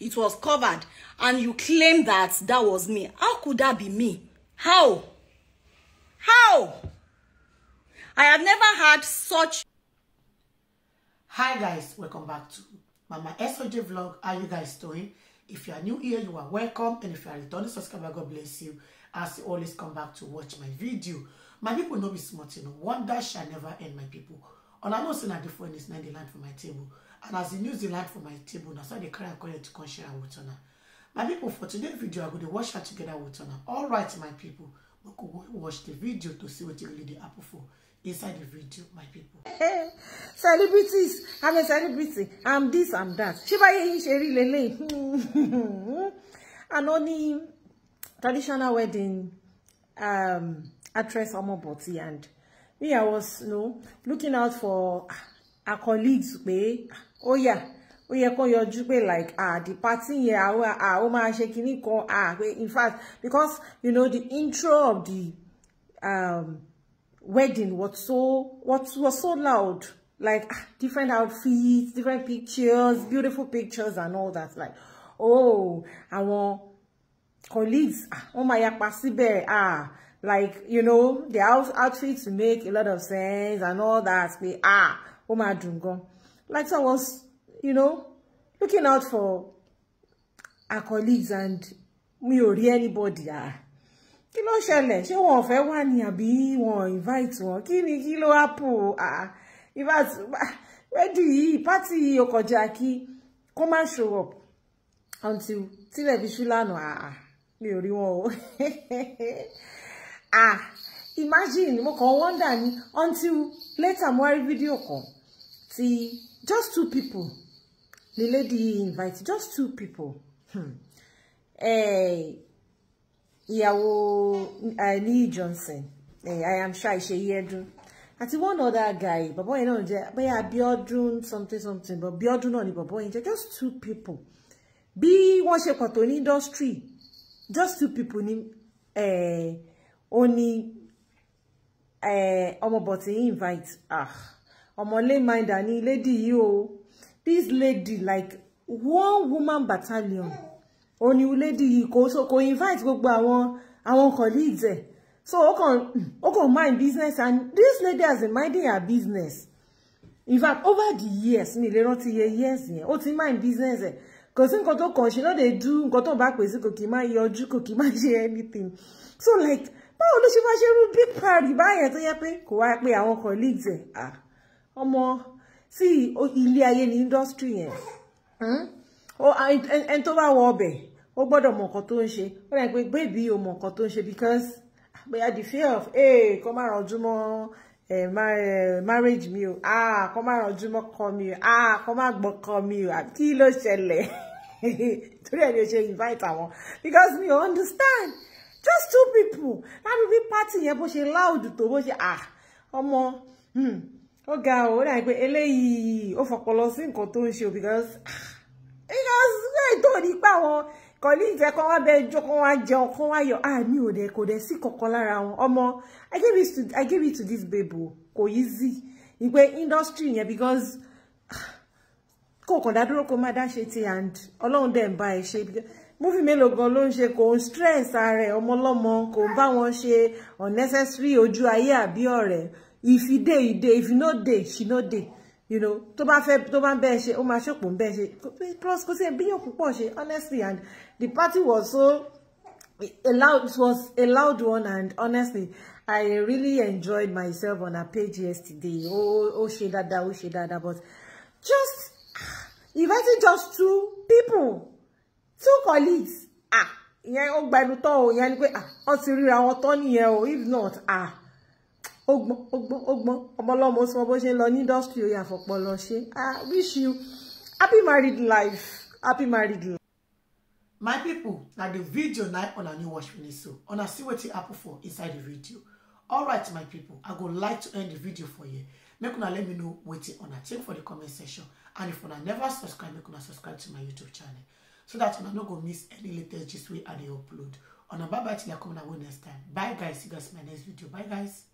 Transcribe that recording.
it was covered and you claim that that was me how could that be me how how i have never had such hi guys welcome back to mama soj vlog how you guys doing if you are new here you are welcome and if you are returning subscriber god bless you as you always come back to watch my video my people know me smart you know wonder shall never end my people And i know say na different is not the land for my table and as the news the light for my table na so i dey carry according to come share am with una my people for today video i go dey watch am together with una all right my people we go watch the video to see wetin really dey happen for inside the video my people. celebrities i'm a celebrity i'm this i'm that ṣíbáyé yìí ṣe rí lélẹ̀ traditional wedding um, actress Omoboti and me i was you know, looking out for ah, her colleagues pé. Uh, ó yà ó yẹ kó yọjú pé like ah the party yẹn àwọn ah ó máa ṣe kinní kan ah pé in fact because you know the intro of the um, wedding was so was, was so loud like ah, different outfits different pictures beautiful pictures and all that like oh àwọn colleagues ah, wọ́n máa yapa síbẹ̀ ah like you know the outfits make a lot of sense and all that pé ah ó máa dùn gan like someone was, you know, looking out for our colleagues and mi or anybody you ah, know, ló she won't wọn one. fẹ́ be ní invite one. kí ni kí ló happen ah invite wẹ́dì yìí pátì yìí ó kọjá kí kó show up until tílẹ̀ fi ṣú lánàá ah, ah mi or you wọn ah imagine mo kàn wonder ni until later mo rí fídíò kan tí just two people the lady invited. just two people hmm. eh, ìyàwó uh, Lee Johnson eh, I am sure she Ìṣeyẹdùn àti one other guy bàbá yẹn náà But yeah, Abiodun something something but Biodun náà ni boy. just two people bí wọ́n ṣe pọ̀ an industry just two people ni eh, only eh, bọ̀tí invite ah ọmọlémàdà ni lady yìí o this lady like one woman battalion ó ní lady yìí kò so kò invite gbogbo àwọn àwọn colleagues ẹ̀ so ó kàn ó kàn mind business and this lady has been minding her business in fact over the years mi lè rántí iye years yẹn ó ti mind business ẹ̀ kò sí nǹkan tó kàn ṣe lóde dú nǹkan tó bá pè sí kò kì í máa yọjú kò kì í anything so like báwo ló ṣe máa ṣe irú big party báyẹn tó yẹ pé kò wá pé àwọn colleagues ẹ̀ ah ọmọ sí ilé ayé ní industry yẹn hmm? ẹni tó bá wọ ọbẹ̀ ó gbọ́dọ̀ mọ nǹkan tó ń ṣe ó rẹ̀ pé bébí o mọ nǹkan tó ń ṣe because bóyá the fear of ee kọ́ máa rànjú mọ́ marriage mi o ah kọ́ máa rànjú mọ́ kọ́ mi o ah kọ́ máa gbọ́ kọ́ mi o kí ló ṣẹlẹ̀ torí ẹ̀ ni o ṣe invite àwọn because mi understand just two people lábí bí party yẹn bó ṣe loud tó bó ṣe ah ọmọ. Hmm ó ga ọ ó dàbí pé eléyìí ó fọpọlọ sí nǹkan tó ń ṣe o because because ètò nípa àwọn colleagues ẹ̀kọ́ wá bẹ ẹjọ́ kan wá jẹun kan wá yọ àmì ah, òde kò dẹ̀ sí kankan lára wọn ọmọ I give it to I give it to this babe o kò easy ìpè industry yẹn because ah, kò kàn dá dúró kó má dá ṣe ti and ọlọ́run dẹ̀ ń bá ẹ ṣe múfì mélòó gan ló ń ṣe kò ń stress ara ẹ̀ ọmọ ọlọ́mọ kò ń bá wọn ṣe unnecessary ojú ayé àbí ọ̀rẹ́ if e day, e day. if e no day, she no day. you know tó bá fẹ́ tó bá ń bẹ́ẹ̀ ṣe ó máa ṣòpò ń bẹ́ẹ̀ plus kò sí ẹbí yàn púpọ̀ honestly and the party was so a It was a loud one and honestly I really enjoyed myself on her page yesterday ó ó ṣe dáadáa ó ṣe dáadáa but just inviting just two people two colleagues ah ìyẹn ó gba ẹnu tán o ìyẹn ni pé ah wọ́n ti ríra wọn tán nìyẹn o if not ah ogbon ogbon ogbon ọmọlọ́mọ sọ bó ṣe ń lọ ní industry oyè àfọpọlọ ṣe i wish you happy married life happy married life. my people, na the video na una new watch finish so una see wetin happen for inside the video All right, my people, i go like to end the video for here make una let me know wetin una think for the comment section and if una never subscribe make una subscribe to my youtube channel so that una no go miss any latest gist wey i dey upload una bye bye till i come una way next time bye guys see you guys in my next video bye guys